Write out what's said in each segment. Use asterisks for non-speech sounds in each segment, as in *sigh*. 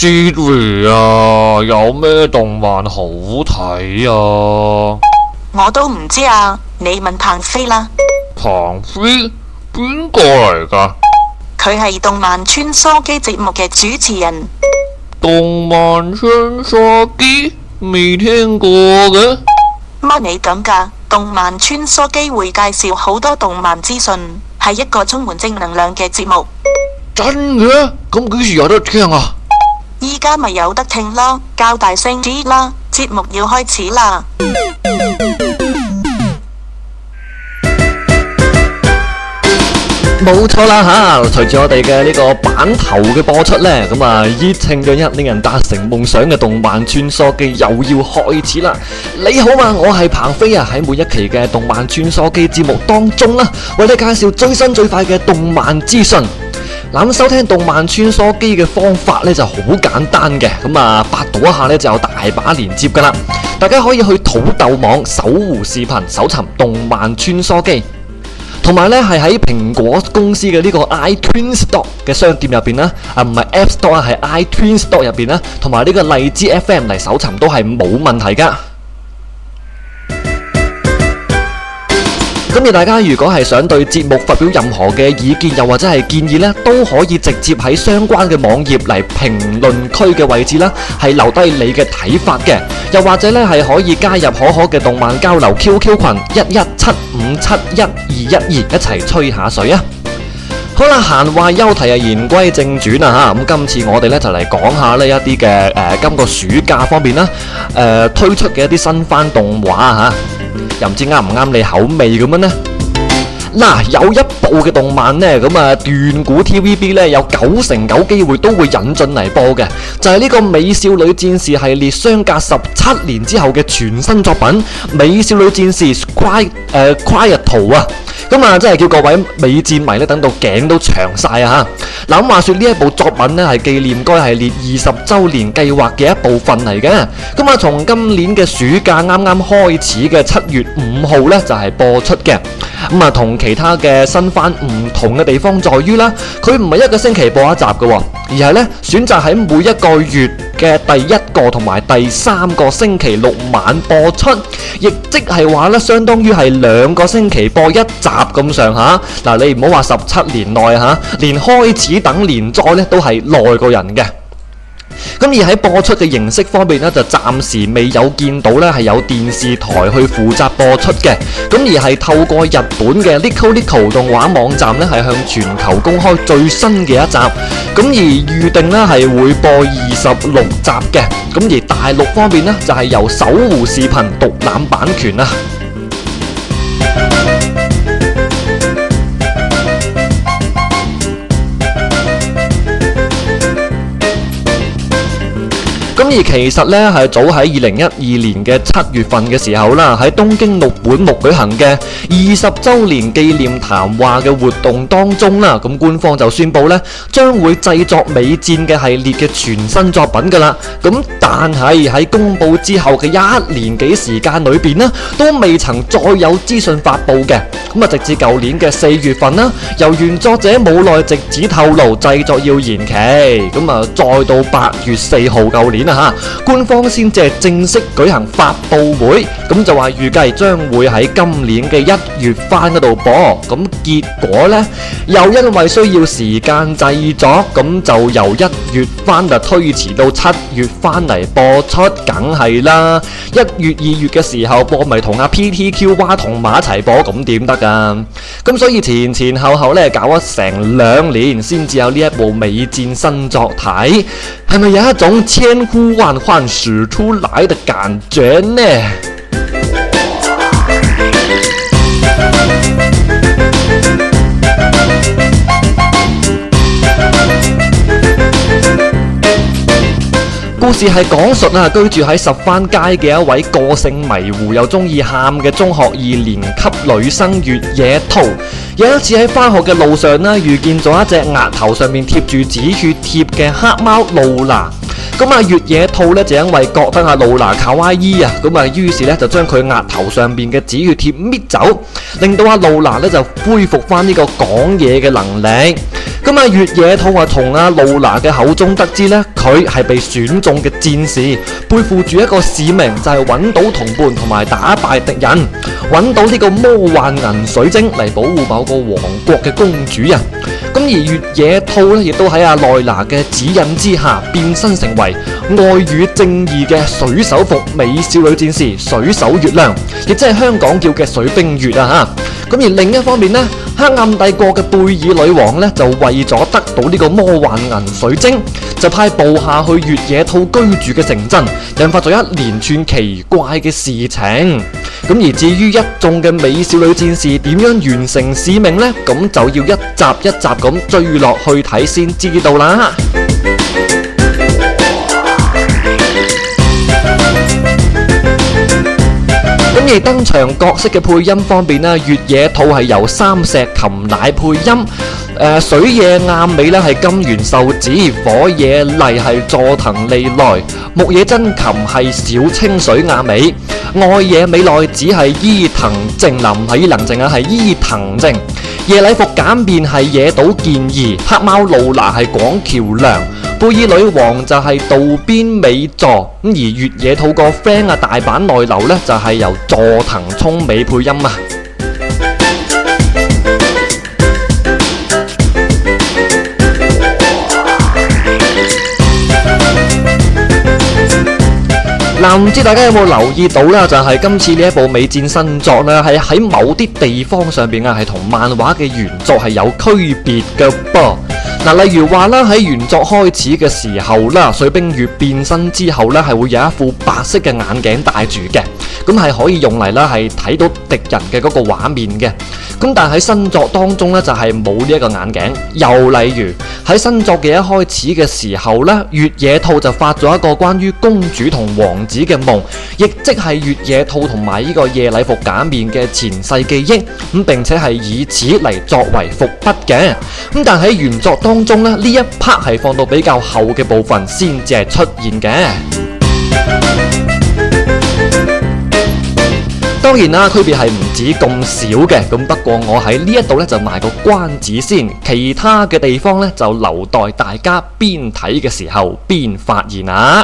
Jerry 啊，有咩動漫好睇啊？我都唔知啊，你問鵬飛啦。鵬飛邊個嚟噶？佢係動漫穿梭機節目嘅主持人。動漫穿梭機未聽過嘅？乜你咁噶？動漫穿梭機會介紹好多動漫資訊，係一個充滿正能量嘅節目。真嘅？咁幾時有得聽啊？依家咪有得聽咯，教大聲啲啦！節目要開始啦，冇錯啦吓，隨住我哋嘅呢個版頭嘅播出呢，咁啊熱騰咗一令人達成夢想嘅動漫穿梭機又要開始啦！你好嘛、啊，我係彭飛啊，喺每一期嘅動漫穿梭機節目當中啦，為你介紹最新最快嘅動漫資訊。嗱，咁收聽動漫穿梭機嘅方法咧就好簡單嘅，咁啊，百度一下咧就有大把連接噶啦，大家可以去土豆網、搜狐視頻搜尋動漫穿梭機，同埋咧係喺蘋果公司嘅呢個 iTunes Store 嘅商店入邊啦，啊唔係 App Store 啊，係 iTunes Store 入邊啦，同埋呢個荔枝 FM 嚟搜尋都係冇問題噶。今日大家如果係想對節目發表任何嘅意見，又或者係建議呢，都可以直接喺相關嘅網頁嚟評論區嘅位置啦，係留低你嘅睇法嘅，又或者呢，係可以加入可可嘅動漫交流 QQ 群12 12, 一一七五七一二一二，一齊吹下水啊！好啦，閒話休提啊，言歸正傳啊吓，咁今次我哋呢，就嚟講下呢一啲嘅誒，今、呃今個暑假方面啦、啊呃，推出嘅一啲新番動畫吓、啊。又唔知啱唔啱你口味咁樣呢？嗱、啊，有一部嘅動漫呢，咁啊，斷估 T V B 呢，有九成九機會都會引進嚟播嘅，就係、是、呢個《美少女戰士》系列相隔十七年之後嘅全新作品《美少女戰士 Quiet、呃》q Crystal 啊。咁啊，真係叫各位美戰迷咧等到頸都長晒啊嗱，咁、啊、話說呢一部作品呢，係紀念該系列二十周年計劃嘅一部分嚟嘅，咁啊，從今年嘅暑假啱啱開始嘅七月五號呢，就係、是、播出嘅。咁啊，同其他嘅新番唔同嘅地方，在於啦，佢唔係一個星期播一集嘅，而係呢選擇喺每一個月嘅第一個同埋第三個星期六晚播出，亦即係話呢相當於係兩個星期播一集咁上下。嗱、啊，你唔好話十七年內，嚇、啊，連開始等連載咧都係耐過人嘅。咁而喺播出嘅形式方面咧，就暫時未有見到咧係有電視台去負責播出嘅，咁而係透過日本嘅 Nico Nico 動畫網站咧係向全球公開最新嘅一集，咁而預定咧係會播二十六集嘅，咁而大陸方面咧就係由搜狐視頻獨攬版權啊。咁而其實呢，係早喺二零一二年嘅七月份嘅時候啦，喺東京六本木舉行嘅二十週年紀念談話嘅活動當中啦，咁官方就宣布呢將會製作《美戰》嘅系列嘅全新作品噶啦。咁但係喺公佈之後嘅一年幾時間裏邊呢，都未曾再有資訊發布嘅。咁啊，直至舊年嘅四月份啦，由原作者武內直子透露製作要延期。咁啊，再到八月四號舊年。啊、官方先至正式舉行發佈會，咁就話預計將會喺今年嘅一月翻嗰度播，咁結果呢，又因為需要時間製作，咁就由一月翻就推遲到七月翻嚟播出，梗係啦。一月二月嘅時候播咪同阿 P T Q 哇同埋一齊播，咁點得噶？咁所以前前後後咧搞咗成兩年，先至有呢一部美戰新作睇，係咪有一種千呼？呼喚使出來的感覺呢？故事係講述啊，居住喺十番街嘅一位個性迷糊又中意喊嘅中學二年級女生月野兔。有一次喺翻學嘅路上呢，遇見咗一隻額頭上面貼住止血貼嘅黑貓露娜。咁啊，越野兔呢，就因為覺得阿露娜卡哇伊啊，咁啊，於是呢，就將佢額頭上邊嘅止血貼搣走，令到阿露娜呢，就恢復翻呢個講嘢嘅能力。咁啊！月野兔啊，從阿露娜嘅口中得知呢佢係被選中嘅戰士，背負住一個使命，就係、是、揾到同伴同埋打敗敵人，揾到呢個魔幻銀水晶嚟保護某個王國嘅公主啊！咁而月野兔咧，亦都喺阿奈娜嘅指引之下，變身成為。愛與正義嘅水手服美少女戰士水手月亮，亦即係香港叫嘅水冰月啊！吓，咁而另一方面呢，黑暗帝國嘅貝爾女王呢，就為咗得到呢個魔幻銀水晶，就派部下去越野兔居住嘅城鎮，引發咗一連串奇怪嘅事情。咁而至於一眾嘅美少女戰士點樣完成使命呢？咁就要一集一集咁追落去睇先知道啦。登場角色嘅配音方面啦，月野兔係由三石琴乃配音，誒，水野亞美啦係金元壽子，火野麗係佐藤利奈，木野真琴係小清水亞美，愛野美奈子係伊藤靜，林唔係伊能靜啊，係伊藤靜。夜禮服假面係野島健兒，黑貓露娜係廣橋涼，貝爾女王就係渡邊美佐，而月野兔個 friend 嘅大阪內流呢，就係由佐藤聰美配音啊。嗱，唔知大家有冇留意到咧？就係、是，今次呢一部美戰新作呢，係喺某啲地方上邊啊，係同漫畫嘅原作係有區別嘅噃。嗱、啊，例如話啦，喺原作開始嘅時候啦，水冰月變身之後呢，係會有一副白色嘅眼鏡戴住嘅，咁係可以用嚟啦，係睇到敵人嘅嗰個畫面嘅。咁但喺新作當中咧，就係冇呢一個眼鏡。又例如喺新作嘅一開始嘅時候咧，月野兔就發咗一個關於公主同王子嘅夢，亦即係月野兔同埋呢個夜禮服假面嘅前世記憶咁，並且係以此嚟，作為伏筆嘅。咁但喺原作當中咧，呢一 part 係放到比較後嘅部分先至係出現嘅。當然啦，區別係唔止咁少嘅，咁不過我喺呢一度呢，就賣個關子先，其他嘅地方呢，就留待大家邊睇嘅時候邊發現啊。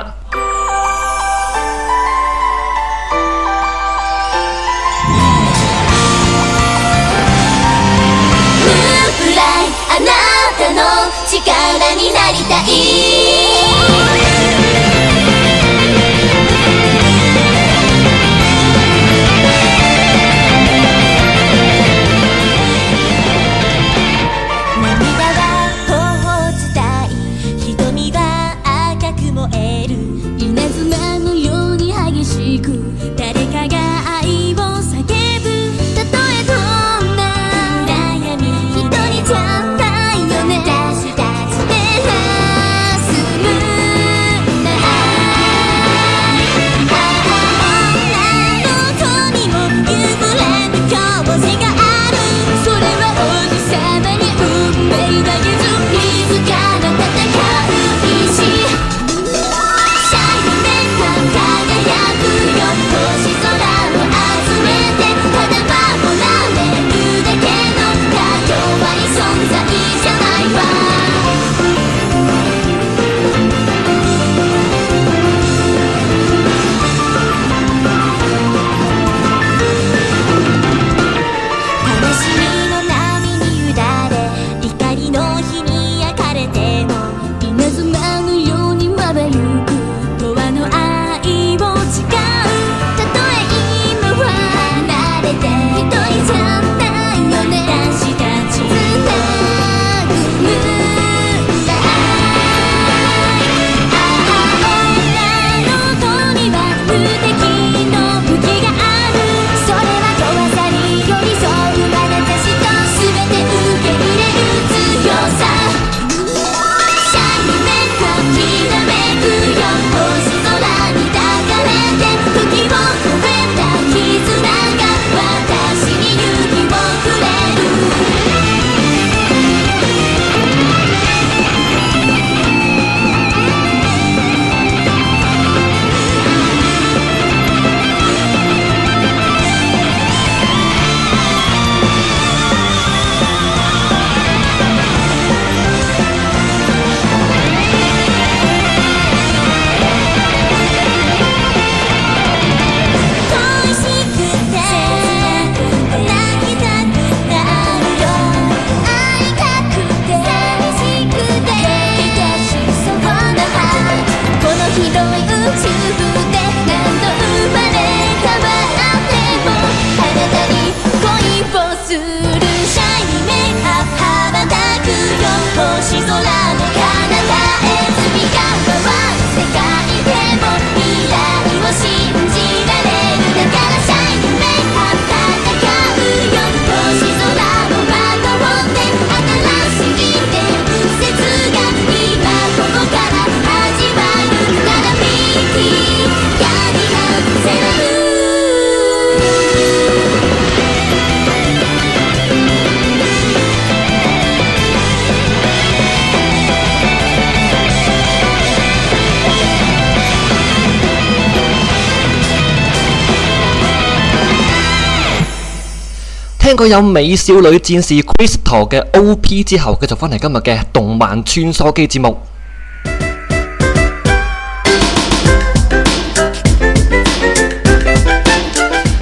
聽過有美少女戰士 Crystal 嘅 OP 之後，繼續翻嚟今日嘅動漫穿梭機節目。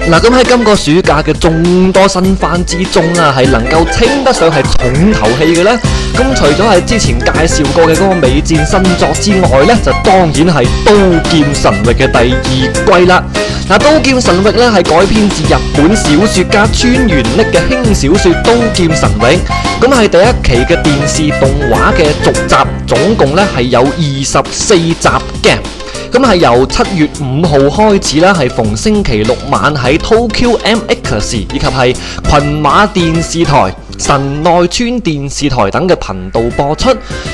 嗱，咁 *noise* 喺樂、啊、今個暑假嘅眾多新番之中啊，係能夠稱得上係重頭戲嘅呢。咁除咗係之前介紹過嘅嗰個美戰新作之外呢，就當然係刀劍神域嘅第二季啦。嗱，《刀劍神域》咧係改編自日本小說家川原礫嘅輕小說《刀劍神域》，咁係第一期嘅電視動畫嘅續集，總共咧係有二十四集嘅，咁係由七月五號開始啦，係逢星期六晚喺 Tokyo MX 以及係群馬電視台、神內村電視台等嘅頻道播出，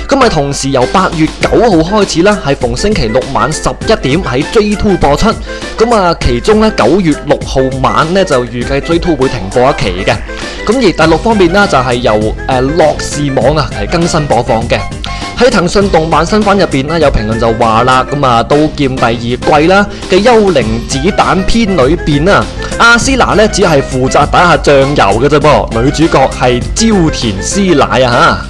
咁咪同時由八月九號開始啦，係逢星期六晚十一點喺 J2 播出，咁啊，其中咧九月六號晚咧就預計 J2 會停播一期嘅。咁而大陸方面呢，就係由誒樂視網啊，係更新播放嘅。喺騰訊動漫新番入邊啦，有評論就話啦，咁啊《刀劍第二季》啦嘅幽靈子彈篇裏邊啊，阿斯娜呢，只係負責打下醬油嘅啫噃，女主角係焦田師奶啊嚇。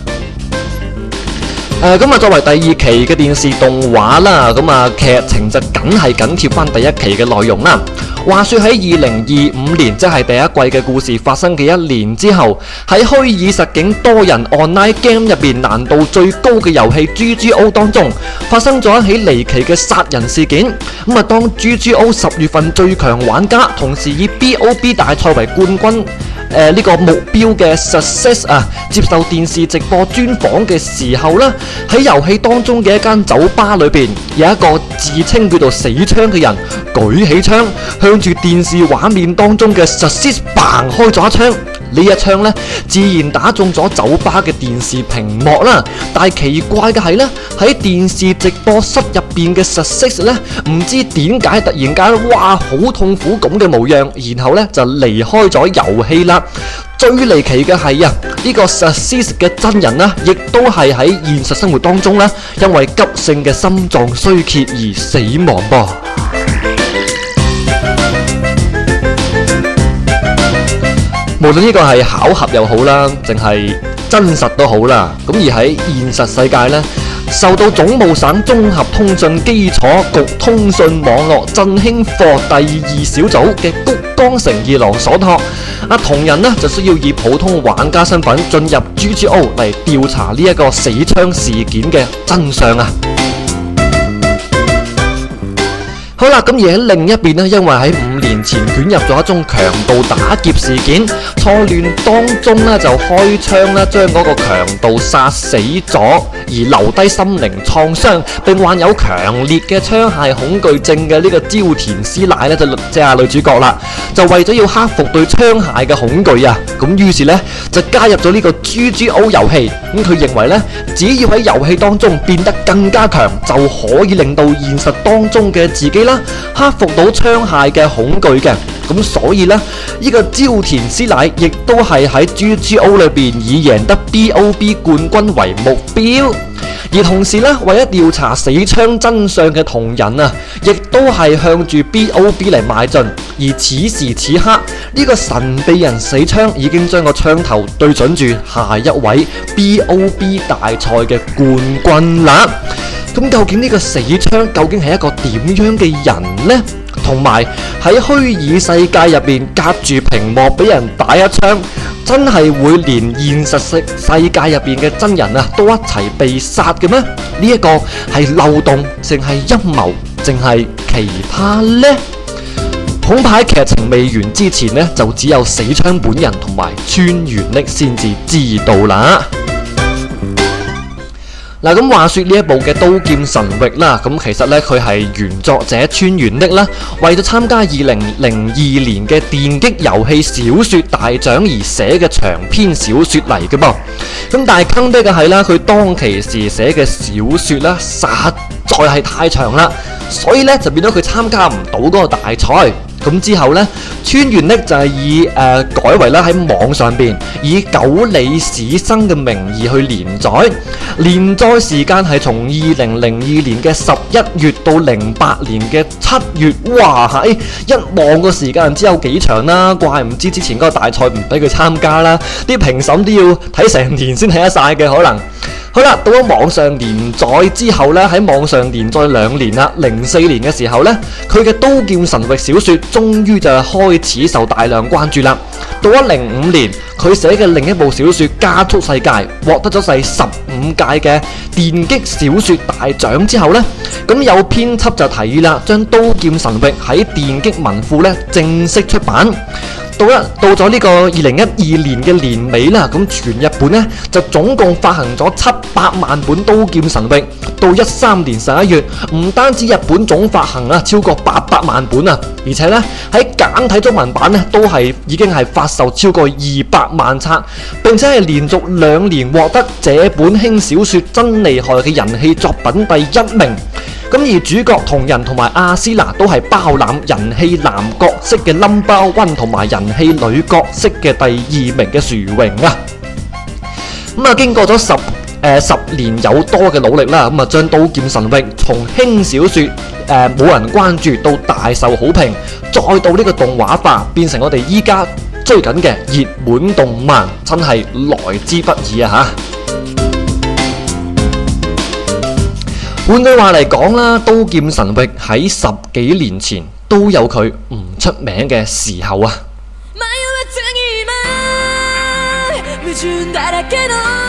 誒，咁啊，作為第二期嘅電視動畫啦，咁啊，劇情就梗係緊貼翻第一期嘅內容啦。話說喺二零二五年，即係第一季嘅故事發生嘅一年之後，喺虛擬實境多人 online game 入邊難度最高嘅遊戲 G G O 當中，發生咗一起離奇嘅殺人事件。咁啊，當 G G O 十月份最強玩家，同時以 B O B 大賽為冠軍。誒呢、呃這個目標嘅 success 啊，接受電視直播專訪嘅時候咧，喺遊戲當中嘅一間酒吧裏邊，有一個自稱叫做死槍嘅人，舉起槍向住電視畫面當中嘅 success 嘭開咗一槍。呢一槍呢，自然打中咗酒吧嘅電視屏幕啦。但係奇怪嘅係呢，喺電視直播室入邊嘅 Zexceed 呢，唔知點解突然間，哇，好痛苦咁嘅模樣，然後呢就離開咗遊戲啦。最離奇嘅係啊，呢、呢個 Zexceed 嘅真人呢，亦都係喺現實生活當中呢，因為急性嘅心臟衰竭而死亡噃。無論呢個係巧合又好啦，淨係真實都好啦。咁而喺現實世界咧，受到總務省綜合通訊基礎局通訊網絡振興課第二小組嘅谷江誠二郎所託，阿同仁咧就需要以普通玩家身份進入 GGO 嚟調查呢一個死槍事件嘅真相啊！好啦，咁而喺另一邊咧，因為喺五年。前捲入咗一宗強盜打劫事件，錯亂當中呢就開槍咧將嗰個強盜殺死咗，而留低心靈創傷，並患有強烈嘅槍械恐懼症嘅呢個朝田詩乃呢，就即係女主角啦，就為咗要克服對槍械嘅恐懼啊，咁於是呢，就加入咗呢個 GGO 遊戲，咁佢認為呢，只要喺遊戲當中變得更加強，就可以令到現實當中嘅自己啦克服到槍械嘅恐懼。嘅咁，所以呢，呢個朝田詩乃亦都係喺 G G O 裏邊以贏得 B O B 冠軍為目標，而同時呢，為咗調查死槍真相嘅桐人啊，亦都係向住 B O B 嚟邁進。而此時此刻，呢個神秘人死槍已經將個槍頭對準住下一位 B O B 大賽嘅冠軍啦。咁究竟呢個死槍究竟係一個點樣嘅人呢？同埋喺虛擬世界入邊隔住屏幕俾人打一槍，真係會連現實世界入邊嘅真人啊都一齊被殺嘅咩？呢一個係漏洞，淨係陰謀，淨係其他呢？恐怕劇情未完之前呢，就只有死槍本人同埋川原礫先至知道啦。嗱咁，話說呢一部嘅《刀劍神域》啦，咁其實呢，佢係原作者川原的啦，為咗參加二零零二年嘅電擊遊戲小說大獎而寫嘅長篇小說嚟嘅噃。咁但係坑爹嘅係呢，佢當其時寫嘅小說啦，實在係太長啦，所以呢，就變咗佢參加唔到嗰個大賽。咁之後呢，村員呢就係以誒、呃、改為咧喺網上邊以九里史生嘅名義去連載，連載時間係從二零零二年嘅十一月到零八年嘅七月。哇，喺一望個時間只有幾長啦，怪唔知之前嗰個大賽唔俾佢參加啦，啲評審都要睇成年先睇得晒嘅可能。好啦，到咗網上連載之後呢，喺網上連載兩年啦。零四年嘅時候呢，佢嘅《刀劍神域》小說終於就開始受大量關注啦。到咗零五年。佢寫嘅另一部小說《加速世界》獲得咗第十五屆嘅電擊小說大獎之後呢，咁有編輯就提議啦，將《刀劍神域》喺電擊文庫呢正式出版。到一到咗呢個二零一二年嘅年尾啦，咁全日本呢就總共發行咗七百萬本《刀劍神域》。到一三年十一月，唔單止日本總發行啊超過八百萬本啊，而且呢，喺簡體中文版呢都係已經係發售超過二百萬冊，並且係連續兩年獲得這本輕小說真厲害嘅人氣作品第一名。咁而主角桐人同埋阿斯娜都係包攬人氣男角色嘅 number one 同埋人氣女角色嘅第二名嘅殊榮啊！咁、嗯、啊，經過咗十誒、呃、十年有多嘅努力啦，咁啊，將《刀劍神域》從輕小說誒冇、呃、人關注到大受好評，再到呢個動畫化，變成我哋依家。最近嘅熱門動漫真係來之不易啊！嚇，換句話嚟講啦，《刀劍神域》喺十幾年前都有佢唔出名嘅時候啊。 *music* *music*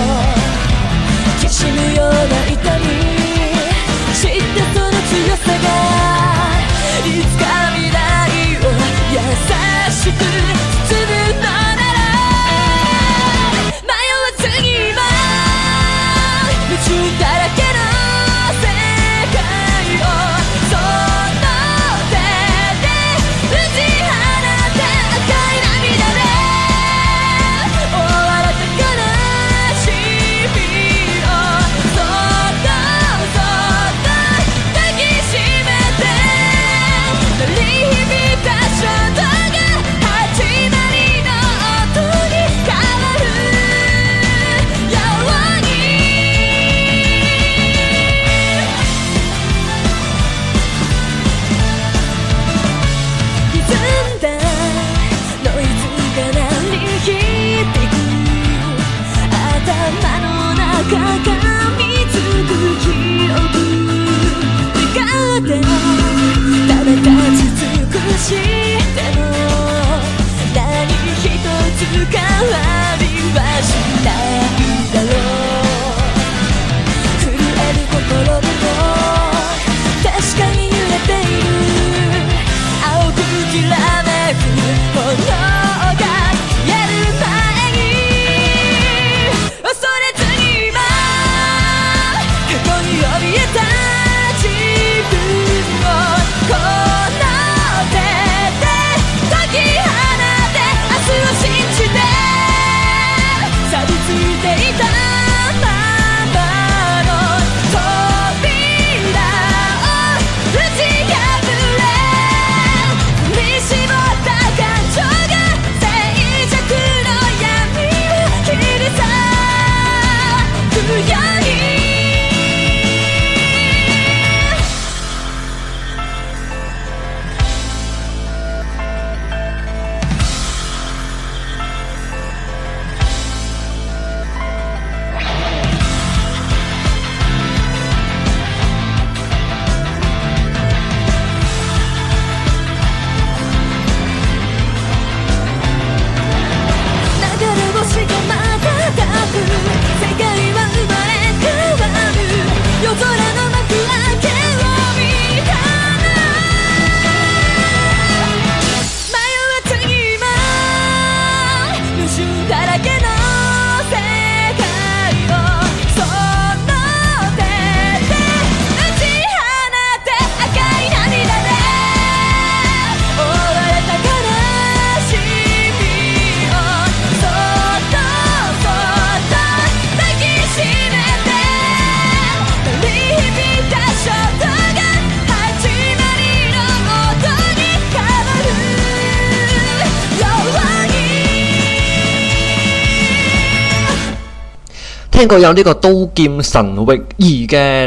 聽過有呢個刀劍神域二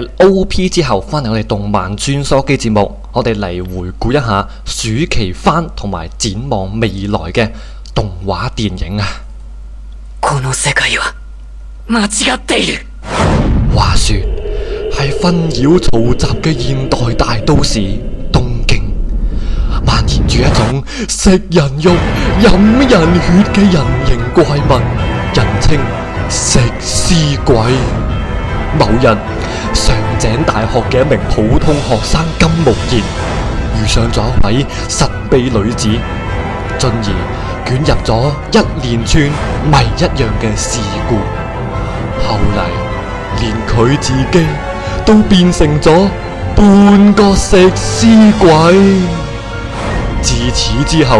嘅 OP 之後，翻嚟我哋動漫穿梭機節目，我哋嚟回顧一下暑期番同埋展望未來嘅動畫電影啊！話說喺紛擾嘈雜嘅現代大都市東京，蔓延住一種食人肉飲人血嘅人形怪物，人稱。食屍鬼，某日上井大學嘅一名普通學生金木研遇上咗一位神秘女子，進而捲入咗一連串謎一樣嘅事故。後嚟連佢自己都變成咗半個食屍鬼。自此之後，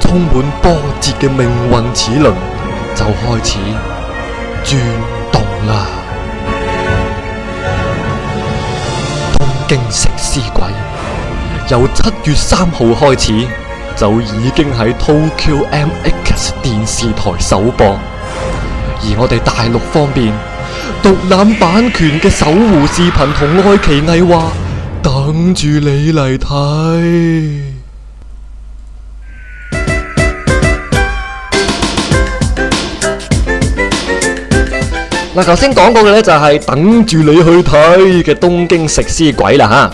充滿波折嘅命運齒輪就開始轉動啦，啊！東京食屍鬼由七月三號開始就已經喺 Tokyo MX 電視台首播，而我哋大陸方面，獨攬版權嘅搜狐視頻同愛奇藝話等住你嚟睇。嗱，頭先講過嘅咧就係等住你去睇嘅《東京食屍鬼》啦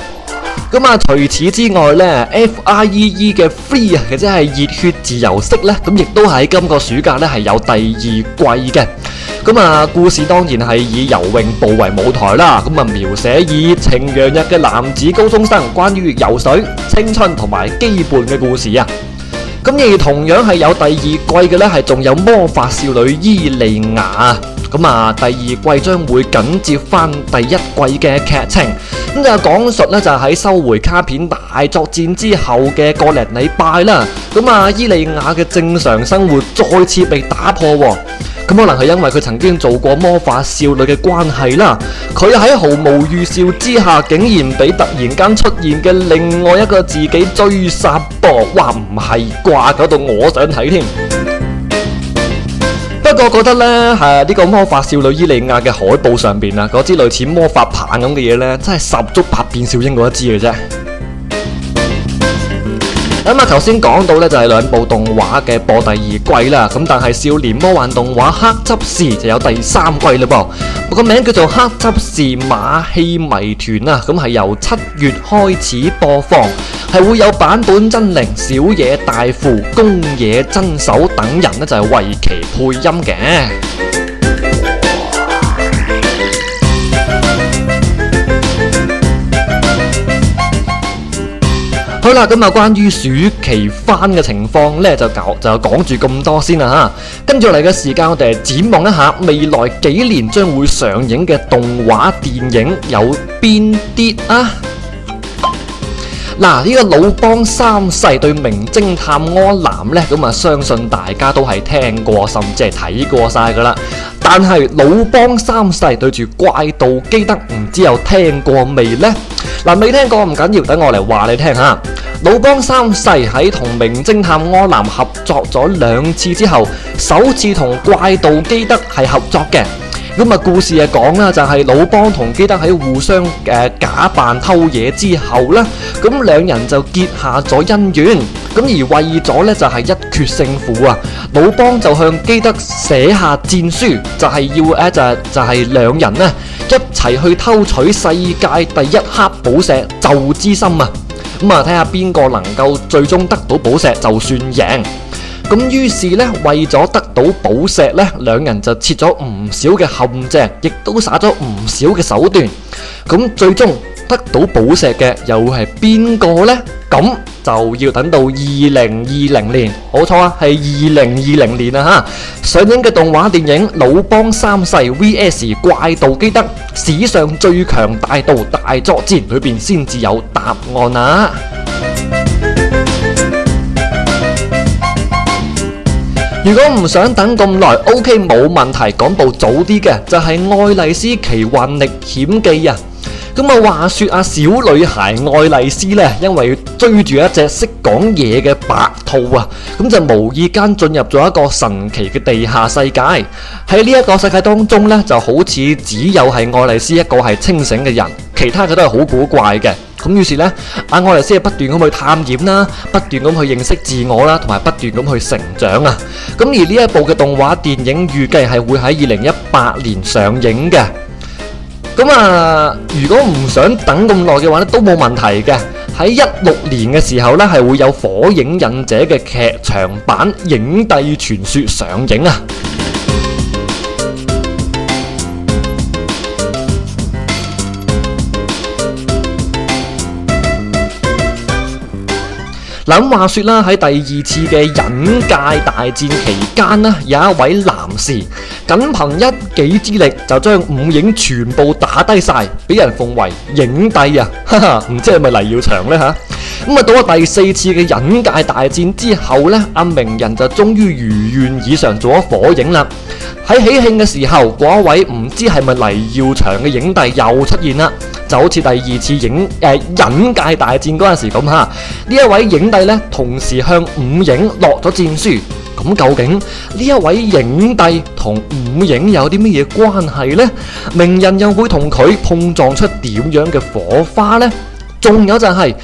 吓。咁啊，除此之外咧，F R E E 嘅 Free 啊，即係熱血自由式咧，咁亦都喺今個暑假咧係有第二季嘅。咁啊，故事當然係以游泳部為舞台啦。咁啊，描寫以晴陽日嘅男子高中生關於游水、青春同埋羈絆嘅故事啊。咁而同樣係有第二季嘅咧，係仲有魔法少女伊莉雅。咁啊，第二季將會緊接翻第一季嘅劇情，咁就講述咧就喺收回卡片大作戰之後嘅個零禮拜啦。咁啊，伊莉雅嘅正常生活再次被打破喎。咁可能係因為佢曾經做過魔法少女嘅關係啦，佢喺毫無預兆之下，竟然俾突然間出現嘅另外一個自己追殺噃，哇唔係啩？搞到我想睇添。 *music* 不過覺得呢，係、啊、呢、這個魔法少女伊利亞嘅海報上邊啊，嗰支類似魔法棒咁嘅嘢呢，真係十足百變小櫻嗰一支嘅啫。咁啊，頭先講到咧就係兩部動畫嘅播第二季啦，咁但係少年魔幻動畫《黑執事》就有第三季啦噃，個名叫做《黑執事馬戲迷團》啊，咁係由七月開始播放，係會有坂本真綾、小野大輔、宮野真守等人呢，就係為其配音嘅。好啦，咁啊，關於暑期翻嘅情況呢，就搞就講住咁多先啦吓。跟住嚟嘅時間，我哋展望一下未來幾年將會上映嘅動畫電影有邊啲啊？嗱，呢、 *noise* 個老邦三世對名偵探柯南呢，咁啊，相信大家都係聽過，甚至係睇過晒噶啦。但係老邦三世對住怪盜基德，唔知有聽過未呢？嗱，未聽過唔緊要，等我嚟話你聽吓。老邦三世喺同名偵探柯南合作咗兩次之後，首次同怪盜基德係合作嘅。咁啊，故事啊講啦，就係、是、老邦同基德喺互相假扮偷嘢之後咧，咁兩人就結下咗恩怨。咁而為咗咧就係一決勝負啊，魯邦就向基德寫下戰書，就係、是、要誒就是、就係、是、兩人咧一齊去偷取世界第一黑寶石宙之心啊！咁啊睇下邊個能夠最終得到寶石就算贏。咁於是咧為咗得到寶石咧，兩人就設咗唔少嘅陷阱，亦都耍咗唔少嘅手段。咁最終。得到寶石嘅又係邊個呢？咁就要等到二零二零年，冇錯啊，係二零二零年啊！吓，上映嘅動畫電影《魯邦三世 VS 怪盜基德：史上最強大盜大作戰》裏邊先至有答案啊！ *music* 如果唔想等咁耐，OK 冇問題，講部早啲嘅，就係《愛麗絲奇幻歷險記》啊！咁啊，話說啊小女孩愛麗絲呢，因為追住一隻識講嘢嘅白兔啊，咁就無意間進入咗一個神奇嘅地下世界。喺呢一個世界當中呢，就好似只有係愛麗絲一個係清醒嘅人，其他嘅都係好古怪嘅。咁於是呢，阿愛麗絲係不斷咁去探險啦，不斷咁去認識自我啦，同埋不斷咁去成長啊。咁而呢一部嘅動畫電影預計係會喺二零一八年上映嘅。咁啊！如果唔想等咁耐嘅話咧，都冇問題嘅。喺一六年嘅時候咧，係會有《火影忍者》嘅劇場版《影帝傳說》上映啊！諗話說啦，喺第二次嘅忍界大戰期間啦，有一位男士僅憑一己之力就將五影全部打低晒，俾人奉為影帝啊！哈哈，唔知係咪黎耀祥呢？吓？咁啊，到咗第四次嘅忍界大戰之後呢，阿鳴人就終於如願以償做咗火影啦。喺喜慶嘅時候，嗰位唔知係咪黎耀祥嘅影帝又出現啦。就好似第二次影誒忍界大戰嗰陣時咁嚇，呢一位影帝咧同時向五影落咗戰書。咁究竟呢一位影帝同五影有啲咩嘢關係呢？名人又會同佢碰撞出點樣嘅火花呢？仲有就係、是。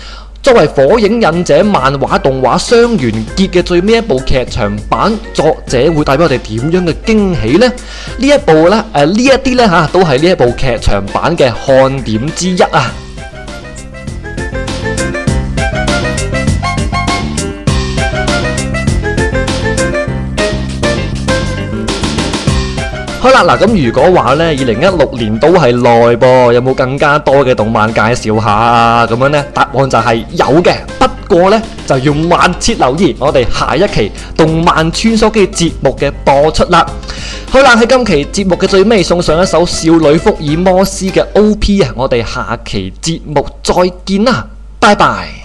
作為《火影忍者》漫畫、動畫雙完結嘅最尾一部劇場版，作者會帶俾我哋點樣嘅驚喜呢？呢一部啦，誒、呃，一呢一啲咧吓，都係呢一部劇場版嘅看點之一啊！嗱咁，如果話呢，二零一六年都係耐噃，有冇更加多嘅動漫介紹下啊？咁樣呢，答案就係有嘅，不過呢，就要密切留意我哋下一期動漫穿梭機節目嘅播出啦。好啦，喺今期節目嘅最尾送上一首《少女福爾摩斯》嘅 OP 啊，我哋下期節目再見啦，拜拜。